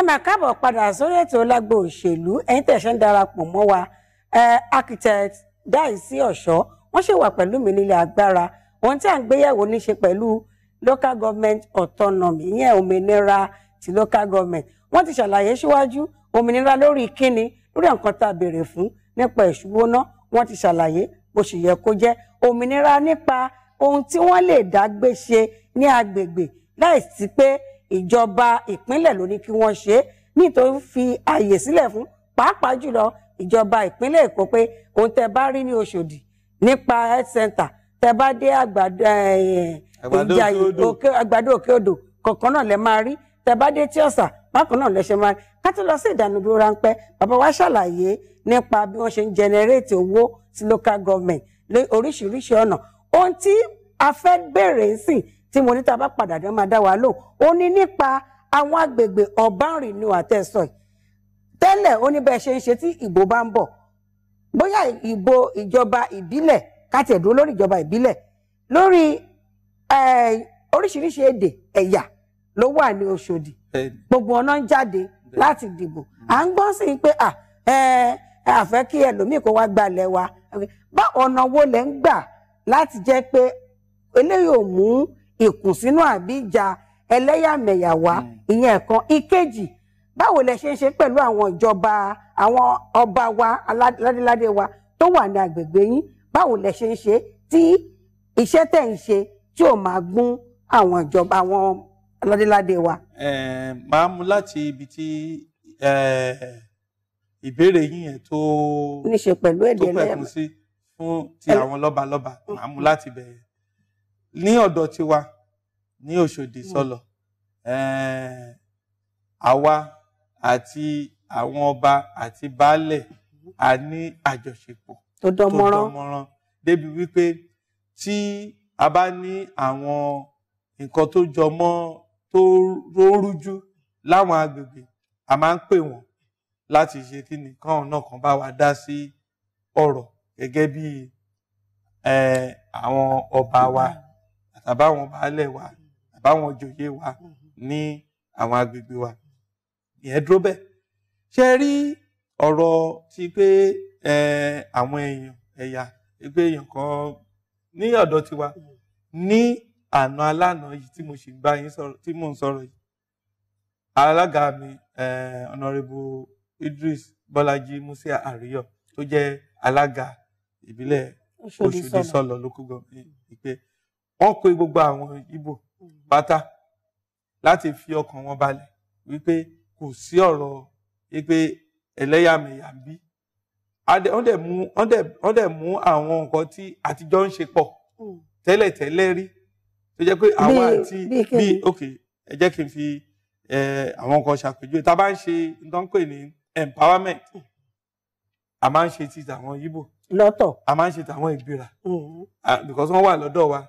ẹ máa káàbọ̀ padà sórí ètò lágbo òṣèlú ẹ̀yin tẹ̀sán darapọ̀ mọ́ wa architect Dáìsí Ọ̀ṣọ́ wọ́n ṣì wà pẹ̀lú mi nílé agbára ohun tí à ń gbéyẹ̀wò ní pẹ̀lú local government autonomy ìyẹn òmìnira ti local government wọ́n ti ṣàlàyé síwájú òmìnira lórí kíni lórí nǹkan tá a béèrè fún nípa ìṣúwó náà wọ́n ti ṣàlàyé bó ṣe yẹ kó jẹ́ òmìnira nípa ohun tí wọ́n lè dá gbé ṣe ní agbègbè láìsí pé ìjọba ìpínlẹ̀ ló ní kí wọ́n ṣe é nítorí fi ààyè sílẹ̀ fún pàápàá jùlọ ìjọba ìpínlẹ̀ èkó pé ohun tẹ bá rí ní Ọ̀ṣọ́dì nípa health center tẹ bá dé àgbàdo eh, òkè odò kọ̀ọ̀kan náà lẹ máa rí tẹ bá dé tí ọ̀sà bákan náà lẹ ṣe máa rí ká tó lọ sí ìdánudúró ráńpẹ́ bàbá wa ṣàlàyé nípa bí wọ́n ṣe ń jẹnẹrétì owó sí local government lórí oríṣiríṣi ọ̀nà ohun tí a fẹ́ bẹ̀rẹ̀ sí tí mo ní tá a bá padà dán máa dá wa lò ó ní nípa àwọn agbègbè urban renewal àtẹ̀sọ̀ tẹ́lẹ̀ ó ní bẹ́ẹ̀ ṣe ń ṣe tí ìbò bá ń bọ̀ bóyá ìbò ìjọba ìbílẹ̀ káti ẹ̀dúró lórí ìjọba ìbílẹ̀ lórí oríṣiríṣi èdè ẹ̀yà ló wà ní Ọ̀ṣọ́dì gbogbo ọ̀nà ń jáde láti dìbò à ń gbọ́ sí i pé à àfẹ́ kí ẹlòmíì kó wá gbalẹ̀ wa bá ọ̀nà wo lẹ̀ ń gbà láti jẹ́ pé eléyìí ò mú ìkùnsínú àbí ìjà ẹlẹ́yàmẹ̀yà wá hmm. ìyẹn kan ìkejì báwo lẹ ṣe ń ṣe pẹ̀lú àwọn ìjọba àwọn ọba wa aládéládé wa tó wà ní agbègbè yín báwo lẹ ṣe ń ṣe tí iṣẹ́ tẹ̀ ń ṣe tí ò máa gún àwọn ìjọba àwọn aládéládé wa. màá mú láti ibi tí ìbéèrè yín yẹn tó tó pẹ̀kun sí fún ti àwọn lọ́balọ́ba màá mú láti bẹ̀rẹ̀ ní ọ̀dọ̀ tiwa ní Òṣòdì hmm. sọlọ̀ eh, àwa àti àwọn ọba àti baálẹ̀ a ní àjọṣepọ̀ tó dánmọ́rán débi wípé tí a bá ní àwọn nǹkan tó jọ mọ́ tó rújú láwọn agbègbè a máa ń pè wọ́n láti ṣe kí nìkan náà kan bá wa dá sí ọ̀rọ̀ gẹ́gẹ́ bí eh, àwọn ọba wa àtàbáwọn baálẹ̀ wa mm. àbáwọn òjòyè wa mm-hmm. ní àwọn agbègbè wa ìyẹn dúró bẹ́ẹ̀ ṣe rí ọ̀rọ̀ ti pé àwọn èèyàn ẹ̀yà pé èèyàn kan ní ọ̀dọ̀ tiwa mm. ní àná alánà yìí tí mo sì ń bá yín sọ̀rọ̀ tí mò ń sọ̀rọ̀ yìí alága mi ọ̀nàrẹ́bù Idris Bọ́lájí Musa Àríyọ̀ tó jẹ́ alága ìbílẹ̀ Òṣòdìsọlọ̀ local government mm. ìpè wọ́n pe gbogbo àwọn Ìgbò pátá láti fi ọkàn wọn balẹ̀ wípé kò sí ọ̀rọ̀ wípé ẹlẹ́yàmẹ̀yà ń bí wọ́n dẹ̀ mú wọ́n dẹ̀ mú àwọn nǹkan tí àtijọ́ ń ṣe pọ̀ hmm. tẹ́lẹ̀tẹ́lẹ̀ rí tó jẹ́ pé àwọn àti bíi ok ẹ jẹ́ kí n fi àwọn nǹkan ṣàpèjúwe tá a bá ń ṣe nǹkan pè ní empowerment hmm. a máa ń ṣe ti tàwọn Ìgbò lọ́tọ̀ a máa ń ṣe tàwọn Ìgbìrà hmm. ah, because wọ́n wà lọ́dọ̀ wa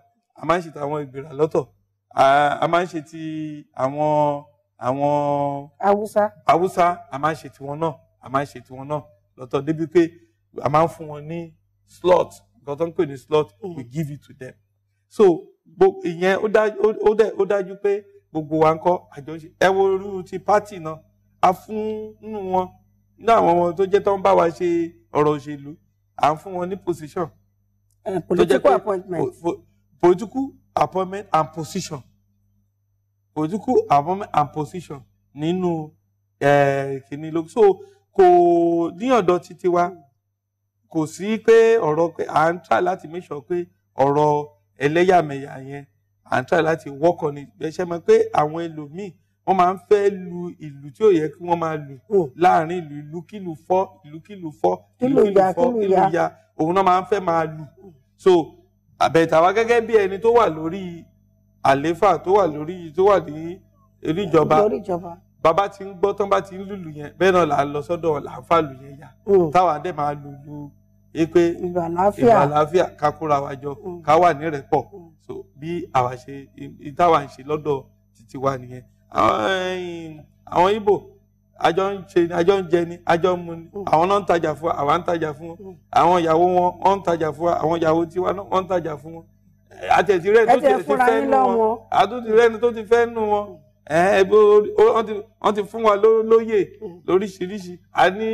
a máa ń ṣe ti àwọn ìgbéra lọ́tọ̀ a máa ń ṣe ti àwọn àwọn haúsá haúsá a máa ń ṣe tiwọn náà a máa ń ṣe tiwọn náà lọ́tọ̀ débi pé a máa ń fún wọn ní slot nǹkan tó ń pè ní slot we hmm. give it to them so ìyẹn ó dájú pé gbogbo wa ń kọ́ àjọṣe ẹ wo irú ti pátì náà a fún nínú wọn nínú àwọn ọmọ tó jẹ́ tó ń bá wa ṣe ọ̀rọ̀ òṣèlú à ń fún wọn ní position. Eh, political appointment political appointment and position political appointment and position nínú eh, kìíní ló so kò ní ọ̀dọ̀ títí wa kò sí pé ọ̀rọ̀ pé à ń try láti make sure pé ọ̀rọ̀ ẹlẹ́yàmẹ̀yà yẹn à ń try láti work on it ṣe mọ̀ pé àwọn ẹlòmíì wọ́n máa ń fẹ́ lu ìlú tí ò yẹ kí wọ́n máa lù láàrin ìlú ìlúkìlù fọ́ ìlúkìlù fọ́ ìlúkìlù fọ́ ìlú ya òun náà máa ń fẹ́ máa lù so àbẹ̀tàwa gẹ́gẹ́ bí ẹni tó wà lórí àléfà tó wà lórí tó wà ní oríjọba bàbá tí ń gbọ́ tán bá ti ń lùlù yẹn bẹ́ẹ̀ náà là ń lọ sọ́dọ̀ là ń fàlù yẹn yá mm. táwa dẹ̀ máa lùlù pé ìgbà àlàáfíà ká kóra wa jọ mm. ká wà ní rẹ̀pọ̀ mm. so bí àwa ṣe ń ṣe lọ́dọ̀ títí wa nìyẹn àwọn Ìgbò àjọ ń ṣe ni àjọ ń jẹ ni àjọ ń mu ni oh. àwọn náà ń tajà fún wa àwa ń tajà fún wọn oh. àwọn ìyàwó wọn wọn ń tajà fún wa àwọn ìyàwó tiwa náà wọn ń tajà fún wọn àtẹ̀tí rẹ̀ tó ti fẹ́ nu wọn àtúntì rẹ̀ tó ti fẹ́ nu wọn ẹ̀ẹ́dẹ́gbẹ́ wọ́n ti fún wa lóyè hmm. lóríṣiríṣi a ní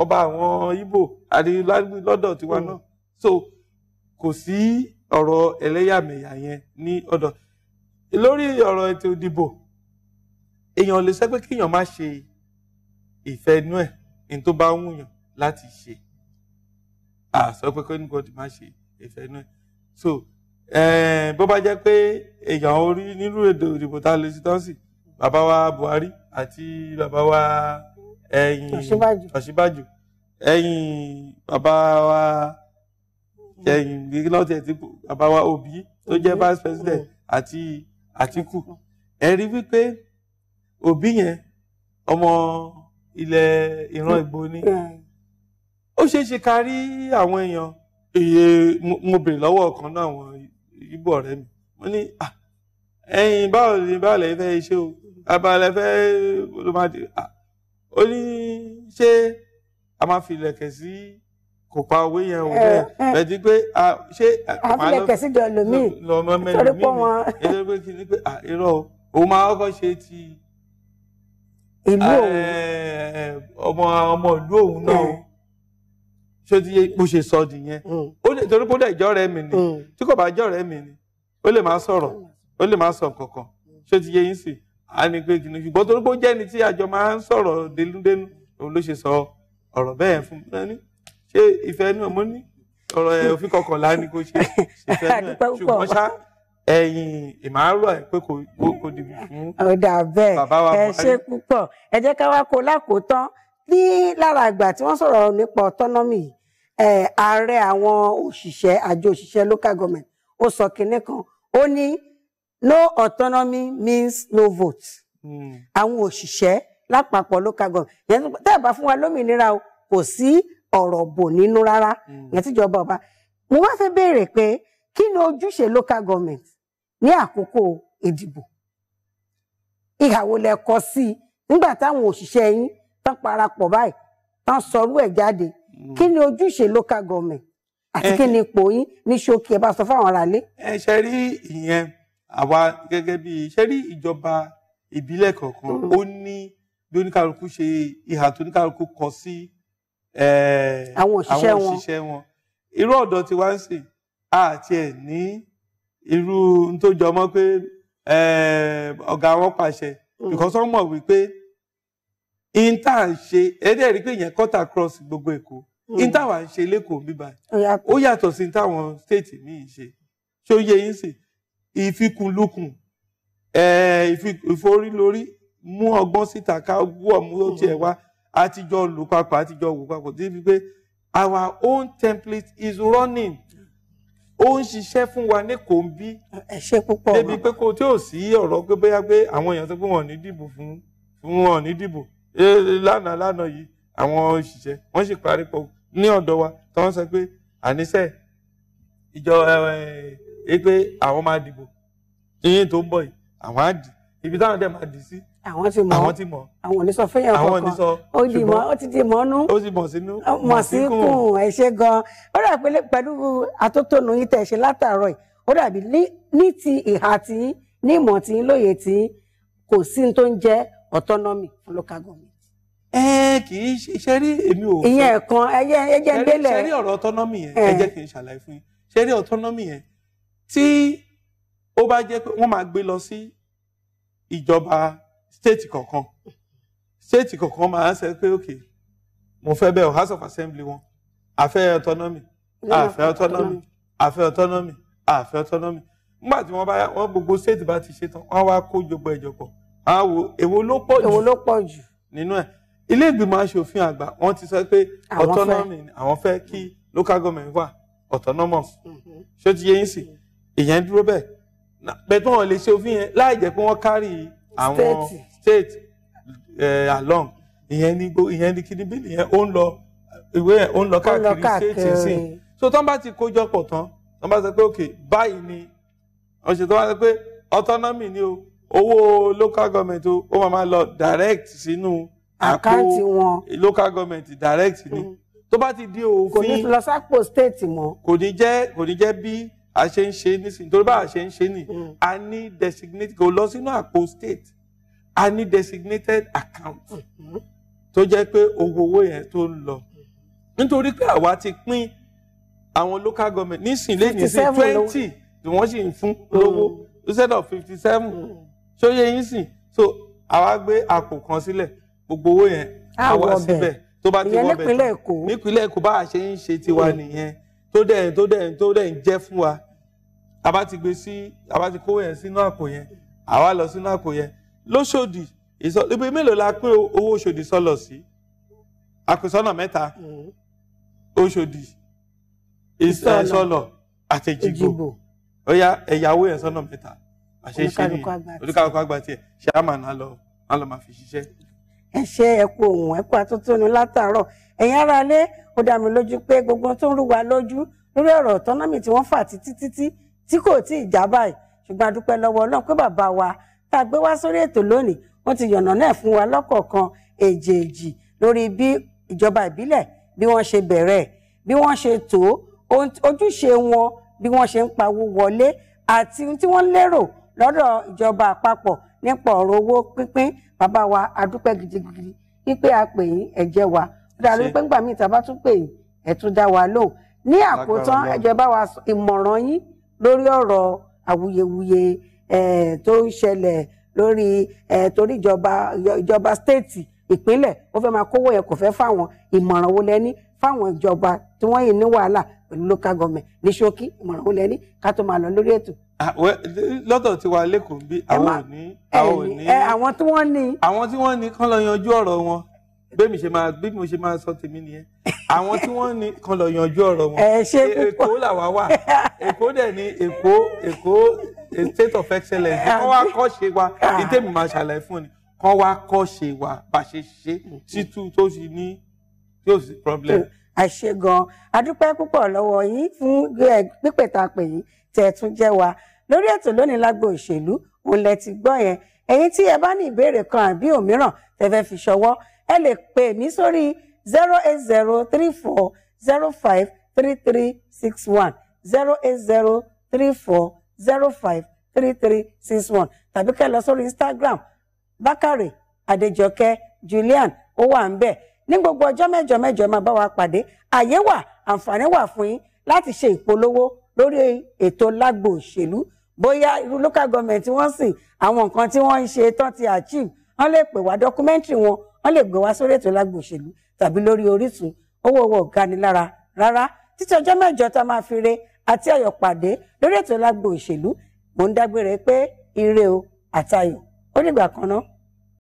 ọba àwọn Ìgbò a ní lọ́dọ̀ tiwa náà hmm. so kò sí ọ̀rọ̀ ẹlẹ́yàmẹ̀yà yẹn ní ọ̀dọ̀ lórí ọ̀rọ̀ ètò ìdìbò èèyàn lè sọ pé kéèyàn má ṣe ìfẹ́ inú ẹ̀ ní tó bá wùyàn láti ṣe à sọ pé kí anybody má ṣe ìfẹ́ inú ẹ̀ so eh, bó bá jẹ́ pé èèyàn orí nírú èdè òdìbò tá a lè ṣe sí bàbá wa Buhari àti bàbá wa ẹ̀yìn Ọ̀ṣínbàjò ẹ̀yìn bàbá wa ẹ̀yìn lọ́tì ẹ̀tí bàbá wa Obi tó jẹ́ vice president àti Àtíkù ẹ wípé Obi yẹn ọmọ ilẹ̀ ìran Ìgbò ni hmm. ó ṣeé ṣe ká rí àwọn èèyàn èyí mo bèrè lọ́wọ́ ọ̀kan náà àwọn Ìgbò ọ̀rẹ́ mi mo ní ẹ̀yin báwo ni báwo lẹ fẹ́ ṣe o abalẹ fẹ́ ló máa di ó ní ṣé a máa fi ìlẹ̀kẹ̀ sí kò pa owó yẹn o eh, eh. bẹ́ẹ̀ bẹ́ẹ̀ di pé ṣé àfilẹ̀kẹ̀ sí jọ lòmíì lọ́mọ mẹ́rin mi ni ẹ ló pé kí ni pé irọ́ o òun máa kọ́kọ́ ṣe ti ìlú òun eh, eh, ọmọ ọmọ ìlú òun náà ṣé ti yẹ bó ṣe sọ nìyẹn hmm. ó lè torí kó dẹ̀ jọ́ rẹ̀ mi ni hmm. tí kò bá jọ́ rẹ̀ mi ni ó lè má sọ̀rọ̀ ó lè má sọ kankan ṣé ti yẹ yín sì á ní pé kìnnìún ṣùgbọ́n torí kó jẹ́ ni tí àjọ máa ń sọ̀rọ̀ dénúdénú òun ló ṣe sọ ọ̀rọ̀ bẹ́ẹ̀ fún mi ṣé ìfẹ́ náà mo ní ọ̀rọ̀ eh, òfin kọkànlá ni kò ṣe ìfẹ́ náà ṣùgbọ́n ṣá ẹ̀yin ìmàárọ̀ ẹ̀ pé kò dìbò fún bàbá wa buhari. ẹ ṣe púpọ̀ ẹ jẹ́ ká wá kó lákòótán ní lára ìgbà tí wọ́n sọ̀rọ̀ nípa autonomy ààrẹ àwọn òṣìṣẹ́ àjọ òṣìṣẹ́ local government ó sọ kinní kan ó ní no autonomy means no vote hmm. àwọn òṣìṣẹ́ lápapọ̀ local government yẹn tẹ́ ẹ̀ bá fún wa lómìnira o kò sí ọ̀rọ̀ bò nínú rárá hmm. yẹn tíjọba ọba mo wá fẹ́ béèrè pé kí ni ojúṣe local government ní àkókò ìdìbò ìhàwó lẹ kọ sí i nígbà táwọn òṣìṣẹ́ yín tán parapọ̀ báyìí tán sọrú ẹ̀ jáde mm. kí ni ojúṣe local government àti kí ni ipò yín ní ṣókí ẹ bá sọ fáwọn aráalé. ẹ ṣe rí ìyẹn àwa gẹ́gẹ́ bí ṣe rí ìjọba ìbílẹ̀ kọ̀ọ̀kan mm. ó ní bí oníkàlùkù ṣe ìhà tó oníkàlùkù kọ sí àwọn òṣìṣẹ́ wọn irú ọ̀dọ́ tí wá ń sìn àti ẹ̀ ní irú tó jọmọ́ pé eh, ọ̀gá wọn pàṣẹ mm. because wọ́n mọ̀ wípé ìntà ń ṣe ẹ̀ẹ́dẹ̀ rí pé yẹn cut across gbogbo èkó ìntà mm. wà ń ṣe lẹ́kọ̀ọ́ bíbá ó yàtọ̀ sí táwọn stéètì míì ṣe ṣé ó yẹ yín sì ìfikùnlukùn eh, ìforílórí mú ọgbọ́n síta ká wọ̀ mú ó tiẹ̀ wá àtijọ́ lù papọ̀ àtijọ́ wò papọ̀ débi pé our own template is running ó ń ṣiṣẹ́ fún wa ní kòńbí. ẹ ṣe púpọ̀ ma débi pé kò tí ò sí ọ̀rọ̀ pé bóyá pé àwọn èèyàn sọ pé wọn ò ní dìbò fún fún wọn ò ní dìbò lánàá lánàá yìí àwọn òṣìṣẹ́ wọ́n sì parí pọ̀ ní ọ̀dọ̀ wa tí wọ́n sọ pé àníṣe ìjọ ẹ pé àwọn máa dìbò ìyẹn tó ń bọ̀ yìí àwọn á dì ibi táwọn dẹ̀ máa dì sí àwọn ti mọ àwọn ti mọ àwọn ò ní sọ fẹyàn kankan ó di mọ ó ti di mọ nú ó sì mọ sínú mọ síkùn ẹ ṣé gan ó dà pé pẹ̀lú àtótónu yín tẹ ṣe látàárọ̀ yìí ó dàbí ní ti ìhà tí ní ìmọ̀ tí lóye tí kò sí tó ń jẹ́ autonomy fún local government. ẹ kì í ṣe iṣẹ́ rí èmi ò. ìyẹn ẹ̀kan ẹyẹ ẹjẹ ń délẹ̀. ṣe rí ọ̀rọ̀ autonomy yẹn ẹ jẹ́ kí n ṣàlàyé fún yín ṣe rí autonomy yẹn tí ó bá jẹ́ pé wọ́n máa gbé lọ sí ìjọba state kọ̀ọ̀kan state kọ̀ọ̀kan máa ń sẹ pé ok mo fẹ́ bẹ́ẹ̀ house of assembly wọn àfẹ́ autonomy àfẹ́ autonomy àfẹ́ autonomy àfẹ́ autonomy nígbà tí wọ́n bá wọ́n gbogbo state bá ti ṣe tán wọ́n wá kó jọpọ̀ ìjọpọ̀ àwo èwo ló pọ̀ jù èwo ló pọ̀ jù nínú ẹ̀ ilé ìgbìmọ̀ asòfin àgbà wọ́n ti sọ pé autonomy àwọn fẹ́ kí local government wà autonomous ṣé ti yé yín sí ìyẹn dúró bẹ́ẹ̀ bẹ́ẹ̀ tí wọ́n lè ṣe òfin yẹn láì jẹ́ pé wọ́n kárì àwọn state eh, along ìyẹn ní gbó ìyẹn ní kíni bíi ìyẹn ó ń lọ ìwé ẹ̀ ó ń lọ káàkiri state sí i so tán bá ti kójọ pọ̀ tán tán bá sọ pé ok báyìí ni wọ́n ṣe tán bá sọ pé autonomy ni o owó local government o ó máa máa lọ direct sínú àpò local government direct ni mm. tó bá ti di òfin kò ní lọ sápò state mọ́ kò ní jẹ́ kò ní jẹ́ bí a ṣe ń ṣe nísìnyí torí bá a ṣe ń ṣe ni mm. a ní designated kò lọ sínú àpò state a ní designated account mm-hmm. tó jẹ́ pé owó owó yẹn tó ń lọ mm-hmm. nítorí pé àwa ti pín àwọn local government nísìnyí lé nísìnyí twenty tí wọ́n sì ń fún mm. lówó instead of fifty seven mm. ṣó yẹ yín sìn so àwa gbé àpò kan sílẹ̀ gbogbo owó yẹn àwa síbẹ̀ tó bá ti wọ́ bẹ̀ nípínlẹ̀ Èkó bá a ṣe ń ṣe tiwa nìyẹn tó dẹ̀ tó dẹ̀ tó dẹ̀ ń jẹ́ fún wa a bá ti gbé sí a bá ti kówó yẹn sínú àpò yẹn àwa lọ sínú àpò yẹn lóṣòdì ìsọ ibi mélòó la pé owó oṣòdì sọlọ sí àkùsọ́nà mẹ́ta mm-hmm. oṣòdì ìsọlọ àti ìjìgbò ó yá ẹ̀yàwó yẹn sọ́nà mẹ́ta àṣẹ ṣe ní olúkàlùkù àgbà tiẹ̀ ṣe á màá lọ á lọ máa fi ṣiṣẹ́. ẹ ṣe ẹ kú ohun ẹ kú atótónu látàárọ̀ ẹ̀yin aráalé ó dá mi lójú pé gbogbo tó ń rú wa lójú lórí ọ̀rọ̀ ọ̀tọ́nàmì tí wọ́n fà títí títí tí kò tí ì já báyìí ṣùgbọ́n a dúpẹ́ lọ́wọ́ Ọlọ́run pé bàbá wa tá a gbé wá sórí ètò lónìí wọ́n ti yànnà náà fún wa lọ́kọ̀ọ̀kan èjèèjì lórí bí ìjọba ìbílẹ̀ bí wọ́n ṣe bẹ̀rẹ̀ bí wọ́n ṣe tó ojúṣe wọn bí wọ́n ṣe ń pawó wọlé àti tí wọ́n lérò lọ́dọ̀ ìjọba àpapọ̀ nípa ọ̀rọ̀ owó pínpín bàbá wa a gidigidi wípé a pè yín ẹ wa ó dàbí pé ńgbà míì tá a bá tún pè yín ẹ tún dá wa lóhùn ní àkótán ẹ bá wa ìmọ̀ràn yín lórí ọ̀rọ̀ awuyewuye tó ń ṣẹlẹ̀ lórí torí ìjọba ìjọba stéètì ìpínlẹ̀ ó fẹ́ máa kówó yẹn kò fẹ́ fáwọn ìmọ̀ràn wo lẹ́ni fáwọn ìjọba tí wọ́n yìí ní wàhálà pẹ̀lú local government ní ṣókí ìmọ̀ràn wo lẹ́ni ká tó máa lọ lórí ètò. lọ́dọ̀ tí wàá lẹ́kọ̀ọ́ bí àwọn ò ní. àwọn tí wọ́n ní. àwọn tí wọ́n ní kán lọ yanjú ọ̀rọ̀ wọn bí mo ṣe máa sọ tèmi nìyẹn àwọn tí wọ́n ní kan lọ yanjú ọ̀rọ̀ wọn e-, èkó làwa wà èkó dẹ̀ ni èkó èkó state of excellence kọ́ wa kọ́ ṣe wa ìtẹ́mi máa ṣàlàyé fún ni kọ́ wa kọ́ ṣe wa bá ṣe ṣe títú tó ṣe ní yóò sí problem. àṣe gan adúpẹ́ púpọ̀ lọ́wọ́ yín fún pípẹ́ ta pè yín tẹ̀ tún jẹ́ wa lórí ètò lónìí lágbo òṣèlú òun lẹ ti gbọ́ yẹn ẹ̀yin tí ẹ bá ní ìbéèrè kan àbí òmíràn tẹ́ fẹ́ fi ṣọwọ́ ẹ lè pè mí sórí zero eight zero three four zero five three three six one zero eight zero three four zero five three three six one tàbí kẹ́ lọ sórí Instagram Bakari Adejoke Julian ó wà ń bẹ̀ ní gbogbo ọjọ́ mẹ́jọ mẹ́jọ máa bá wa pàdé àyè wà àǹfààní wà fún yín láti ṣe ìpolówó lórí ètò lágbo òṣèlú bóyá irú local government wọ́n sìn àwọn nǹkan tí wọ́n ń ṣe tán ti achieve wọ́n lè pè wá documentary wọn wọ́n lè gbé wá sórí ètò lágbo òṣèlú tàbí lórí Orísun owó owó ọ̀gánilára rárá títí ọjọ́ mẹ́jọ tá a máa fi re àti ayọ̀ pàdé lórí ètò lágbo òṣèlú mò ń dágbére pé ire o àtayọ̀ ó dìgbà kan náà.